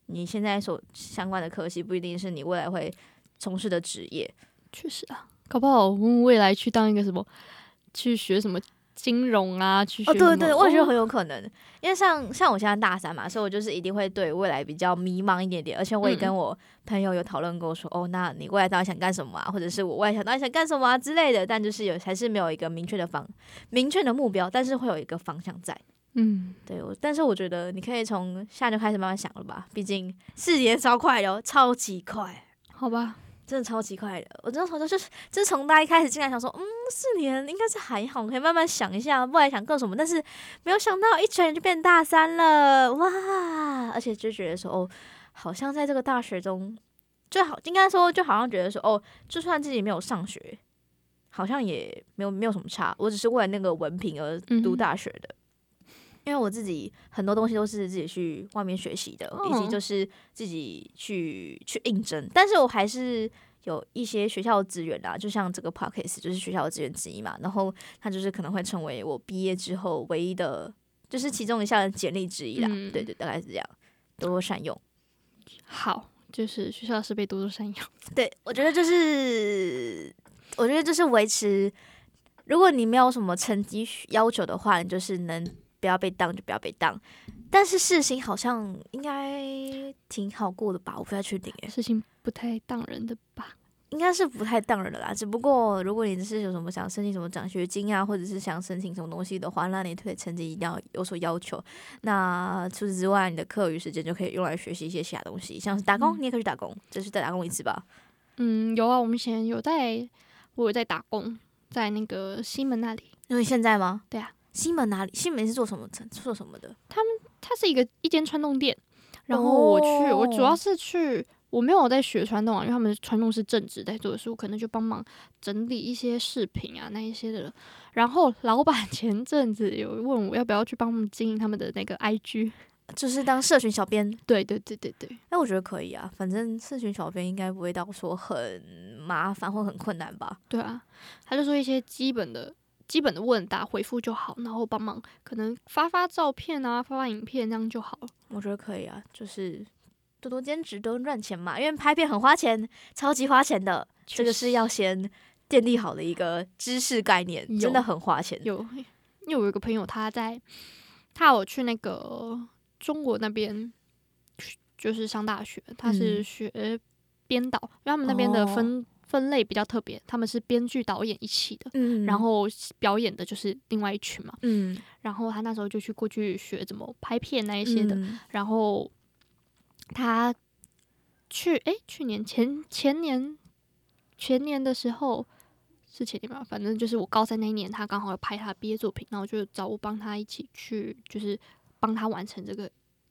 你現在所相關的科系不一定是你未來會從事的職業。確實啊。搞不好我未來去當一個什麼，去學什麼金融啊？去學什麼、哦、對對，我也覺得很有可能，因為像像我現在大三嘛，所以我就是一定會對未來比較迷茫一點點。而且我也跟我朋友有討論過說，說、嗯、哦，那你未來到底想幹什麼啊？或者是我未來想到底想幹什麼啊之類的。但就是有還是沒有一個明確的方、明確的目標，但是會有一個方向在。嗯，對，我但是我覺得你可以從現在就開始慢慢想了吧？畢竟四年超快的，超級快，好吧。真的超級快的，我真的好像就是，就是從大一開始進來想說，嗯，四年應該是還好，可以慢慢想一下，不然想幹什麼。但是沒有想到，一轉眼就變大三了，哇！而且就覺得說，哦，好像在這個大學中，最好應該說就好像覺得說，哦，就算自己沒有上學，好像也沒有沒有什麼差，我只是為了那個文憑而讀大學的。嗯因為我自己很多東西都是自己去外面學習的，哦，以及就是自己去去應徵，但是我還是有一些學校資源啦，就像這個 podcast 就是學校資源之一嘛，然後它就是可能會成為我畢業之後唯一的，就是其中一項簡歷之一啦。嗯、對，對對，大概是這樣，多多善用。好，就是學校是被多多善用。對我覺得就是，我覺得就是維持，如果你沒有什麼成績要求的話，你就是能。不要被當就不要被當，但是事情好像應該挺好過的吧？我不太確定。哎，事情不太當人的吧？應該是不太當人的啦。只不過如果你是有什麼想申請什麼獎學金啊，或者是想申請什麼東西的話，那你對成績一定要有所要求。那除此之外，你的課餘時間就可以用來學習一些其他東西，像是打工，嗯、你也可以去打工，就是再打工一次吧。嗯，有啊，我們以前有在，我有在打工，在那個西門那裡。因為現在嗎？對啊。西門哪裡？西門是做什麼？做做什麼的？他們他們是一個一間穿洞店，然後我去、哦，我主要是去，我沒有在學穿洞啊，因為他們穿洞是正職在做的，所以我可能就幫忙整理一些視頻啊，那一些的。然後老闆前陣子有問我要不要去幫他們經營他們的那個 IG，就是當社群小編。對對對對對，哎，我覺得可以啊，反正社群小編應該不會到說很麻煩或很困難吧？對啊，他就說一些基本的。基本的問答回復就好，然後幫忙可能發發照片啊，發發影片這樣就好。我覺得可以啊，就是多多兼職多賺錢嘛，因為拍片很花錢，超級花錢的。這個是要先奠定好的一個知識概念，真的很花錢。有，因為我有一個朋友他，他在他有去那個中國那邊，就是上大學，他是學編導，嗯，因為他們那邊的分。哦分類比較特別，他們是編劇、導演一起的，嗯，然後表演的就是另外一群嘛，嗯，然後他那時候就去過去學怎麼拍片那一些的，嗯，然後他去，哎，去年前前，前年前年的時候是前年吧，反正就是我高三那一年，他剛好要拍他畢業作品，然後就找我幫他一起去，就是幫他完成這個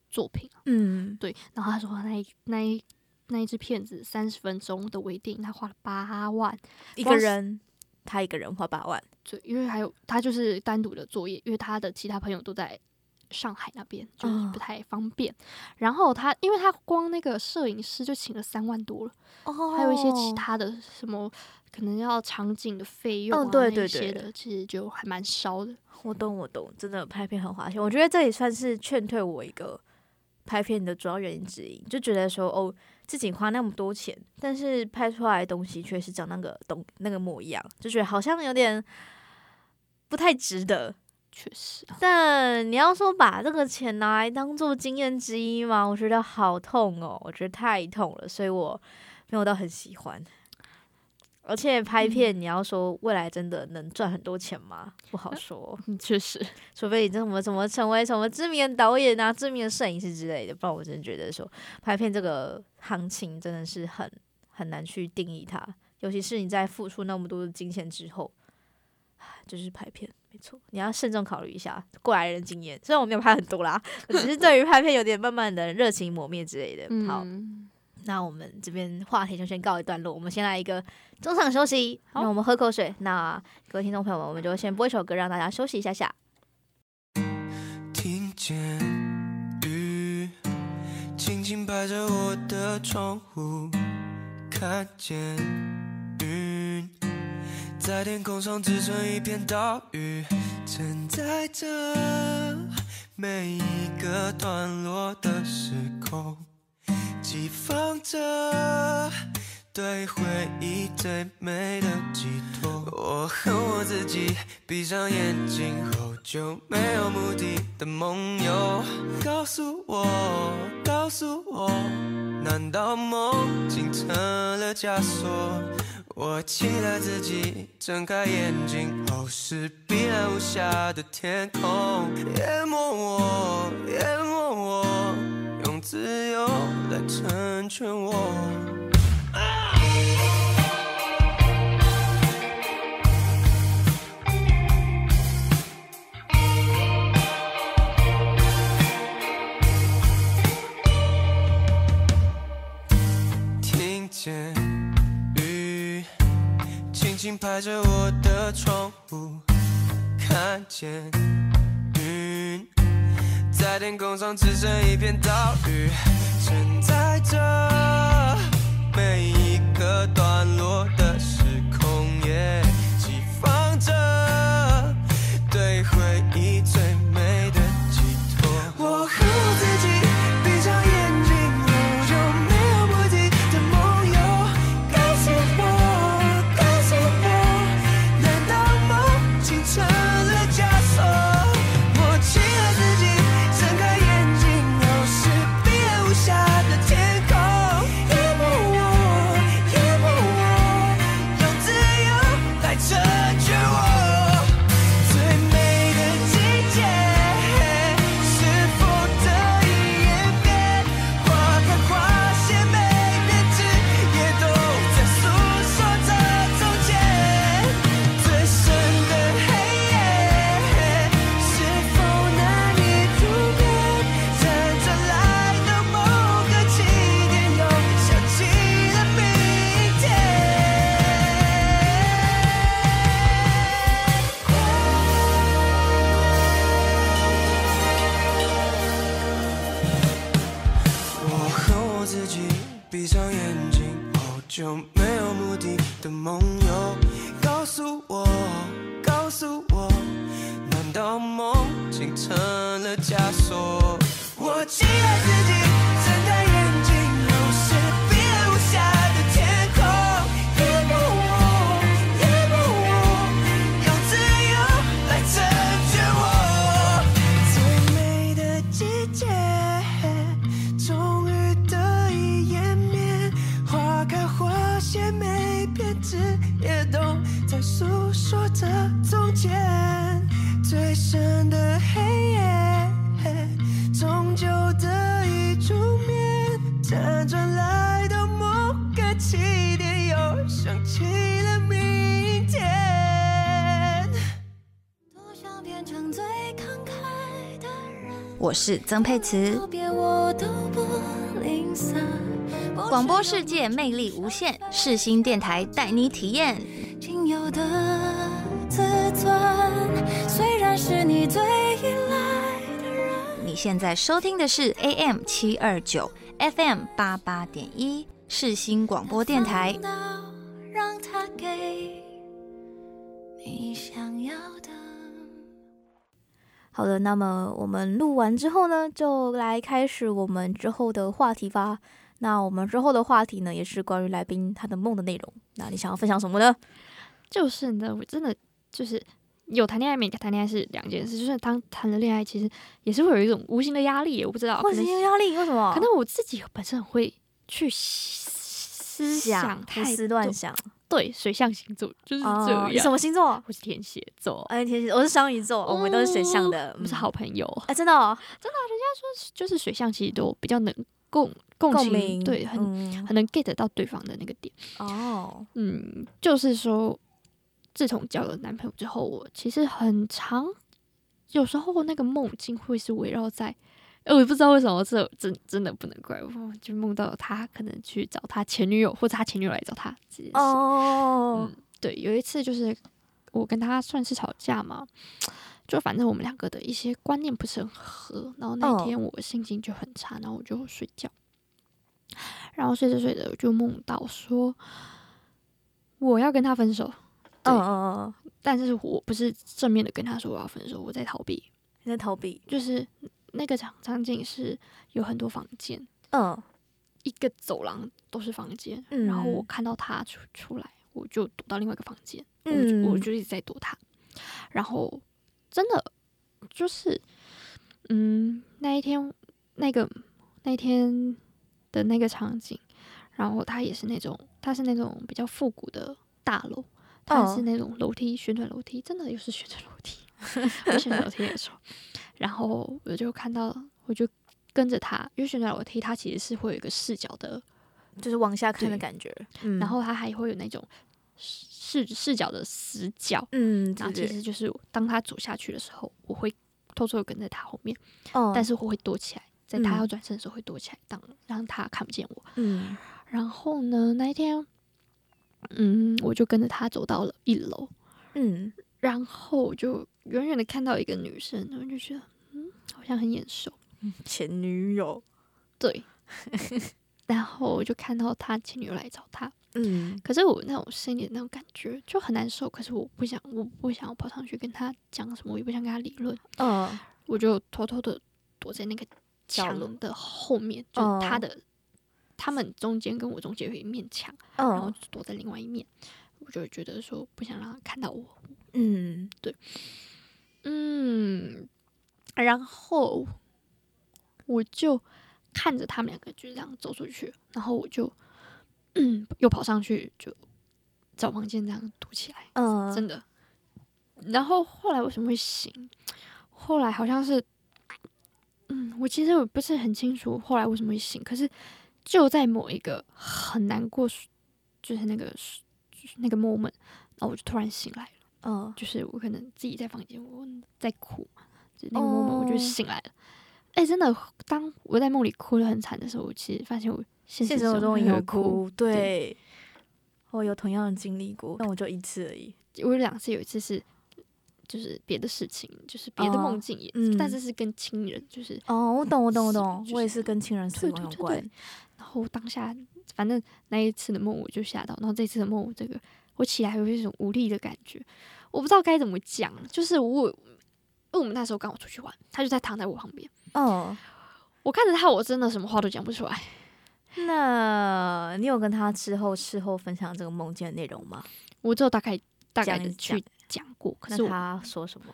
作品，啊，嗯，對，然後他說那一那一。那一支片子三十分鐘的微電影，他花了八萬一個人，他一個人花八萬，對，因為還有他就是單獨的作業，因為他的其他朋友都在上海那邊，就是，不太方便，嗯。然後他，因為他光那個攝影師就請了三萬多了，還、哦、有一些其他的什麼可能要場景的費用啊，嗯、對對對那些的，其實就還蠻燒的。我懂，我懂，真的拍片很花錢。我覺得這也算是勸退我一個拍片的主要原因之一，就覺得說，哦，自己花那麼多錢，但是拍出來的東西卻是長那個東那個模樣，就覺得好像有點不太值得。確實，但你要說把這個錢拿來當做經驗之一嗎？我覺得好痛哦，我覺得太痛了，所以我沒有到很喜歡。而且拍片，你要說未來真的能賺很多錢嗎？嗯、不好說，嗯、確實，除非你什麼什麼成為什麼知名導演啊、知名的攝影師之類的，不然我真的覺得說拍片這個行情真的是很很難去定義它。尤其是你在付出那麼多的金錢之後，就是拍片，沒錯，你要慎重考慮一下。過來人的經驗，雖然我沒有拍很多啦， 只是對於拍片有點慢慢的熱情磨滅之類的。好。嗯那我們這邊話題就先告一段落，我們先來一個中場休息，oh. 讓我們喝口水。那各位聽眾朋友們，我們就先播一首歌，讓大家休息一下下。聽見雨輕輕拍着我的窗戶，看見雲在天空上織成一片島嶼，承載着每一個段落的時空。寄放着對回憶最美的寄托。我恨我自己，閉上眼睛後就沒有目的的夢遊。告訴我，告訴我，難道夢境成了枷鎖？我期待自己睜開眼睛後是碧藍無瑕的天空，淹沒我，淹沒我，用自由。來成全我，啊。聽見雨輕輕拍着我的窗戶，看見。在天空上只剩一片島嶼，承載着每一個段落的。是曾沛慈。廣播世界魅力無限，世新電台帶你體驗。僅有的自尊，雖然是你最依賴的人。你現在收聽的是 AM 七二九，FM 八八點一，世新廣播電台。好的，那麼我們錄完之後呢，就來開始我們之後的話題吧。那我們之後的話題呢，也是關於來賓他的夢的內容。那你想要分享什麼？呢？就是呢，我真的就是有談戀愛沒談戀愛是兩件事。就算當談了戀愛，其實也是會有一種無形的壓力，我不知道。無形的壓力？為什麼？可能我自己本身會去思想、胡思亂想。對，水象星座就是這樣。哦、你什麼星座？我是天蠍座。哎，天蠍，我是雙魚座，嗯。我們都是水象的，我們是好朋友。哎，嗯，真的，哦，真的，啊，人家說就是水象，其實都比較能夠共、共情共，對，很，嗯，很能 get 到對方的那個點。哦，嗯，就是說，自從交了男朋友之後，我其實很常，有時候那個夢境會是圍繞在。欸、我不知道為什麼，這真的真的不能怪我，就夢到他可能去找他前女友，或者他前女友來找他這件事。哦、oh. 嗯，對，有一次就是我跟他算是吵架嘛，就反正我們兩個的一些觀念不是很合，然後那天我心情就很差，oh. 然後我就睡覺，然後睡着睡着我就夢到說我要跟他分手。嗯嗯嗯，oh. 但是我不是正面的跟他說我要分手，我在逃避，在逃避，就是。那個場場景是有很多房間，嗯，一個走廊都是房間，嗯，然後我看到他出出來，我就躲到另外一個房間，嗯，我就我就一直在躲他，然後真的就是，嗯，那一天那個那天的那個場景，然後他也是那種，他是那種比較復古的大樓，他是那種樓梯，哦，旋轉樓梯，真的又是旋轉樓梯。 旋轉樓梯的時候，然後我就看到，我就跟着他，因為旋轉樓梯他其實是會有一個視角的，就是往下看的感覺。嗯、然後他還會有那種視視角的死角。嗯對對對。然後其實就是當他走下去的時候，我會偷偷的跟在他後面、哦。但是我會躲起來，在他要轉身的時候會躲起來，讓讓他看不見我。嗯。然後呢，那一天，嗯，我就跟着他走到了一樓。嗯。然後就遠遠的看到一個女生，然後就覺得嗯，好像很眼熟，前女友，對。 然後我就看到他前女友來找他，嗯。可是我那種心裡那種感覺就很難受，可是我不想，我不想要跑上去跟他講什麼，我也不想跟他理論，嗯、哦。我就偷偷的躲在那個牆的後面，就他的、哦、他們中間跟我中間有一面牆、哦，然後就躲在另外一面。我就覺得說不想讓他看到我，嗯，對，嗯，然後我就看着他們兩個就這樣走出去，然後我就、嗯、又跑上去就找房間這樣躲起來，嗯，真的。然後後來為什麼會醒？後來好像是，嗯，我其實我不是很清楚後來為什麼會醒，可是就在某一個很難過，就是那個。就是那個 moment，然後我就突然醒來了。嗯，就是我可能自己在房間，我在哭，就是、那個 moment 我就醒來了。哎、哦欸，真的，當我在夢裡哭得很慘的時候，我其實發現我現實生活中也有哭對。對，我有同樣的經歷過，那我就一次而已。我有兩次，有一次是就是別的事情，就是別的夢境也，哦嗯、但是是跟親人，就是哦，我懂，我懂，我懂、就是，我也是跟親人死亡有關。對對對對對然後當下，反正那一次的夢我就嚇到，然後這次的夢，我這個我起來還有一種無力的感覺，我不知道該怎麼講，就是我，因為我們那時候剛好出去玩，他就在躺在我旁邊，哦。我看着他，我真的什麼話都講不出來。那，你有跟他之後事後分享這個夢境的內容嗎？我就大概大概的去講過，可是他說什麼？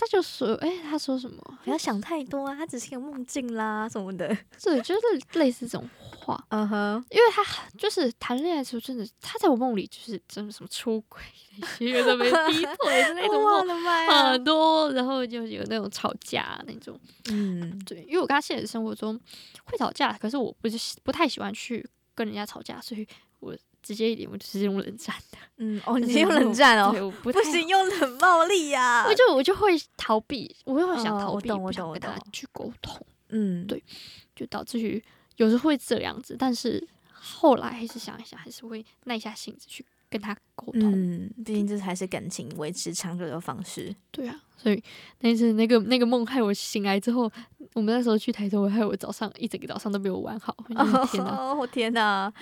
他就說：“誒，他說什麼？不要想太多啊，他只是一個夢境啦，什麼的。”對，就是類似這種話。嗯哼，因為他就是談戀愛的時候，真的，他在我夢裡就是真的什麼出軌、 什麼劈腿之類的夢很多，然後就有那種吵架那種。嗯，嗯，對，因為我跟他現實生活中會吵架，可是我不是不太喜歡去跟人家吵架，所以我。直接一點，我就是用冷戰的。嗯，哦，你用冷戰哦不，不行用冷暴力呀、啊。我就我就會逃避，我會想逃避。哦、我想跟他，跟他去溝通，嗯，對，就導致於有時候會這樣子，但是後來還是想一想，還是會耐下性子去跟他溝通。嗯，畢竟這才是感情維持長久的方式。對啊，所以那次那個那個夢害我醒來之後，我們那時候去台中，害我早上一整個早上都沒有玩好。哦天哪！哦天哪！哦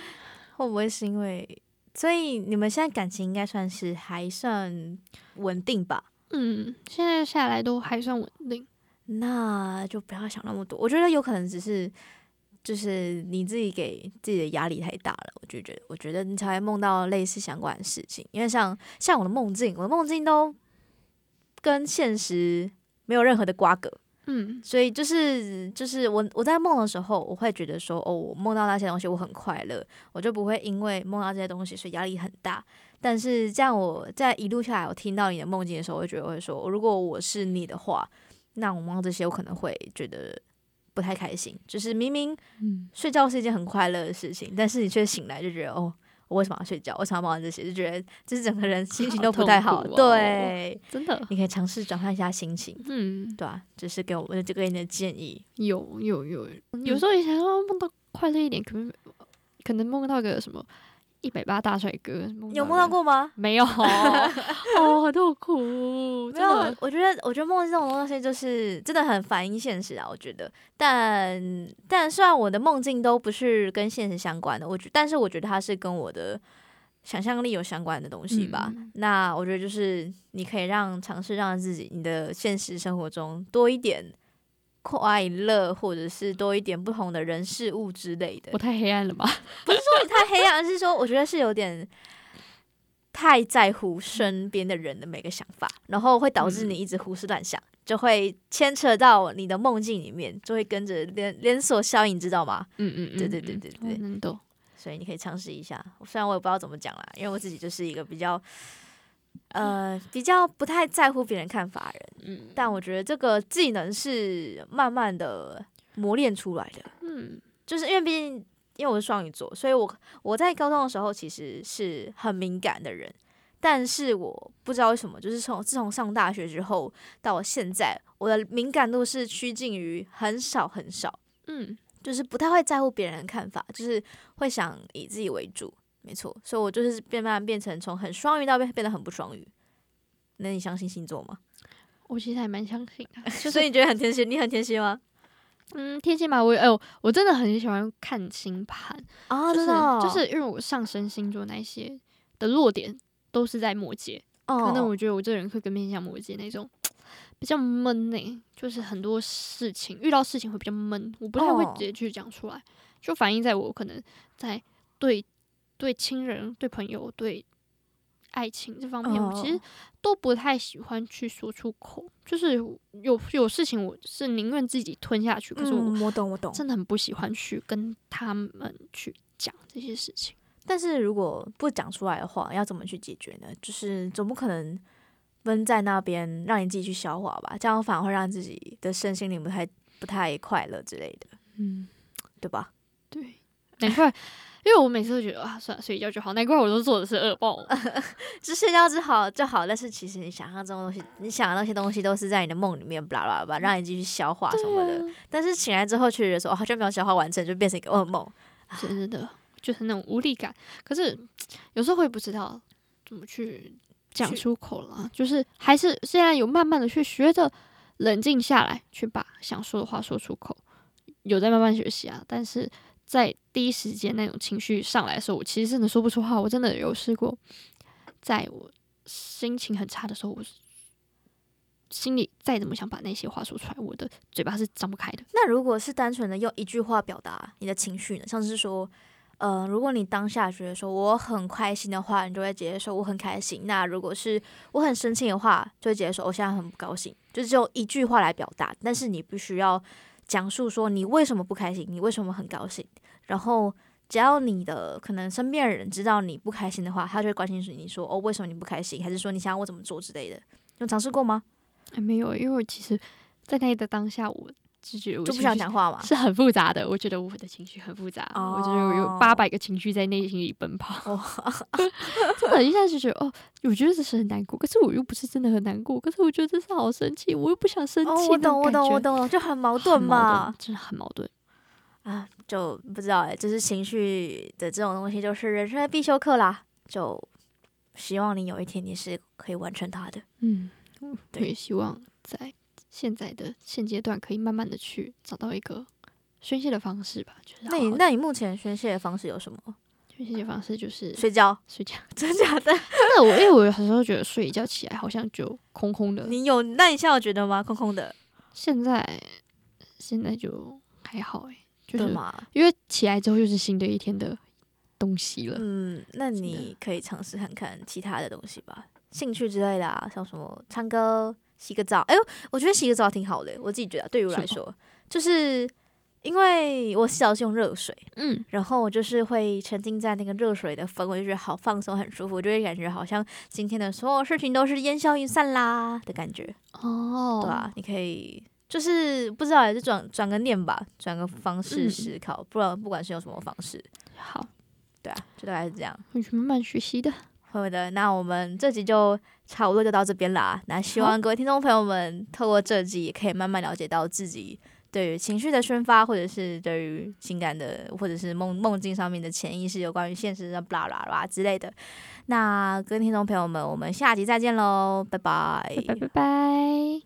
會不會是因為，所以你們現在感情應該算是還算穩定吧？嗯，現在下來都還算穩定，那就不要想那麼多。我覺得有可能只是，就是你自己給自己的壓力太大了。我就覺得，我覺得你才會夢到類似相關的事情，因為像像我的夢境，我的夢境都跟現實沒有任何的瓜葛。嗯，所以就是就是我我在夢的時候，我會覺得說，哦，我夢到那些東西，我很快樂，我就不會因為夢到這些東西，所以壓力很大。但是這樣我在一路下來，我聽到你的夢境的時候，我會覺得我會說，如果我是你的話，那我夢到這些，我可能會覺得不太開心。就是明明睡覺是一件很快樂的事情，但是你卻醒來就覺得，哦。我為什麼要睡覺？我想要忙完這些，就覺得就是整個人心情都不太好。好哦、對，真的，你可以嘗試轉換一下心情。嗯，對啊，這、就是給我的這個人的建議。有有有，有，有，有時候也想要夢到快樂一點，可能可能夢到個什麼。一百八大帥哥，你有夢到過嗎？沒有，哦，好痛苦。 沒有，我覺得，我覺得夢境這種東西就是真的很反映現實啊。我覺得，但但雖然我的夢境都不是跟現實相關的，我覺，但是我覺得它是跟我的想象力有相關的東西吧。嗯。那我覺得就是你可以讓嘗試讓自己，你的現實生活中多一點。快樂，或者是多一點不同的人事物之類的。我太黑暗了嗎？不是說你太黑暗， 是說我覺得是有點太在乎身邊的人的每個想法，然後會導致你一直胡思亂想、嗯，就會牽扯到你的夢境裡面，就會跟着連連鎖效應，知道嗎？嗯嗯嗯，對對對對對,對,對,對，能懂。所以你可以嘗試一下，雖然我也不知道怎麼講啦，因為我自己就是一個比較。呃，比較不太在乎別人看法人，嗯，但我覺得這個技能是慢慢的磨練出來的。嗯，就是因為畢竟因為我是雙魚座，所以我我在高中的時候其實是很敏感的人，但是我不知道為什麼，就是從自從上大學之後到現在，我的敏感度是趨近於很少很少。嗯，就是不太會在乎別人的看法，就是會想以自己為主。沒錯，所以我就是變慢慢變成從很雙魚到變變得很不雙魚。那你相信星座嗎？我其實還蠻相信的，就是、 所以你覺得很天蠍，你很天蠍嗎？嗯，天蠍嘛，我哎、欸，我真的很喜歡看星盤啊，就是、哦、就是因為我上升星座那些的弱點都是在摩羯，哦、可能我覺得我這個人會更偏向摩羯那種比較悶呢、欸，就是很多事情遇到事情會比較悶，我不太會直接去講出來、哦，就反映在我可能在對。對親人、對朋友、對愛情這方面，我、呃、其實都不太喜歡去說出口。就是有有事情，我是寧願自己吞下去。可是我、嗯、我懂我懂，真的很不喜歡去跟他們去講這些事情。但是如果不講出來的話，要怎麼去解決呢？就是總不可能悶在那邊，讓你自己去消化吧？這樣反而會讓自己的身心靈不太不太快樂之類的。嗯，對吧？對，難怪。 因為我每次都覺得啊，算了，睡覺就好。難、那、塊、個、我都做的是惡夢， 就睡覺就好就好。但是其實你想象這種東西，你想的那些東西都是在你的夢裡面巴拉巴拉，讓你繼續消化什麼的。啊、但是醒來之後，卻覺得說好像沒有消化完整，就變成一個噩夢。真、嗯啊、的就是那種無力感。可是有時候會不知道怎麼去講出口了。就是還是雖然有慢慢的去學着冷靜下來，去把想說的話說出口。有在慢慢學習啊，但是。在第一時間那種情緒上來的時候，我其實真的說不出話。我真的有試過，在我心情很差的時候，我心裡再怎麼想把那些話說出來，我的嘴巴是張不開的。那如果是單純的用一句話表達你的情緒呢？像是說，嗯、呃，如果你當下覺得說我很開心的話，你就會直接說我很開心。那如果是我很生氣的話，就會直接說我現在很不高興。就只有一句話來表達，但是你必須要。講述說你為什麼不開心，你為什麼很高興，然後只要你的可能身邊人知道你不開心的話，他就會關心說你說哦，為什麼你不開心，還是說你想要我怎麼做之類的，有嘗試過嗎？還沒有，因為我其實，在那個當下我。就就不想講話嘛，是很複雜的。我覺得我的情緒很複雜，oh. 我就有八百個情緒在內心裡奔跑。Oh. 就我一下就覺得，哦，我覺得這是很難過，可是我又不是真的很難過。可是我覺得這是好生氣，我又不想生氣。Oh, 我懂，我懂，我懂，我懂，就很矛盾嘛，真很矛盾，就是很矛盾啊！就不知道哎，欸，就是情緒的這種東西，就是人生的必修課啦。就希望你有一天你是可以完成它的。嗯，對，希望在。現在的現階段可以慢慢的去找到一個宣洩的方式吧。就是好好，那你那你目前宣洩的方式有什麼？宣洩的方式就是、嗯、睡覺，睡覺，真的假的？ 那我因為、欸、我有時候覺得睡一覺起來好像就空空的。你有？那你現在有覺得嗎？空空的？現在現在就還好誒、欸、就是對嗎，因為起來之後又是新的一天的東西了。嗯，那你可以嘗試看看其他的東西吧，興趣之類的啊，像什麼唱歌。洗個澡，哎呦，我覺得洗個澡挺好的，我自己覺得，對於我來說，是就是因為我洗澡是用熱水，嗯，然後我就是會沉浸在那個熱水的氛圍，就覺得好放鬆、很舒服，就會感覺好像今天的所有事情都是煙消雲散啦的感覺，哦，對吧？你可以就是不知道，還是轉轉個念吧，轉個方式思考，不知道，嗯，不管是用什麼方式，好，對啊，就大概是這樣，會去慢慢學習的。好的，那我們這集就，差不多就到這邊啦，那希望各位聽眾朋友們透過這集，也可以慢慢了解到自己對於情緒的宣發，或者是對於情感的，或者是夢夢境上面的潛意識有關於現實的啦啦啦之類的。那各位聽眾朋友們，我們下集再見嘍，拜拜拜拜。拜拜。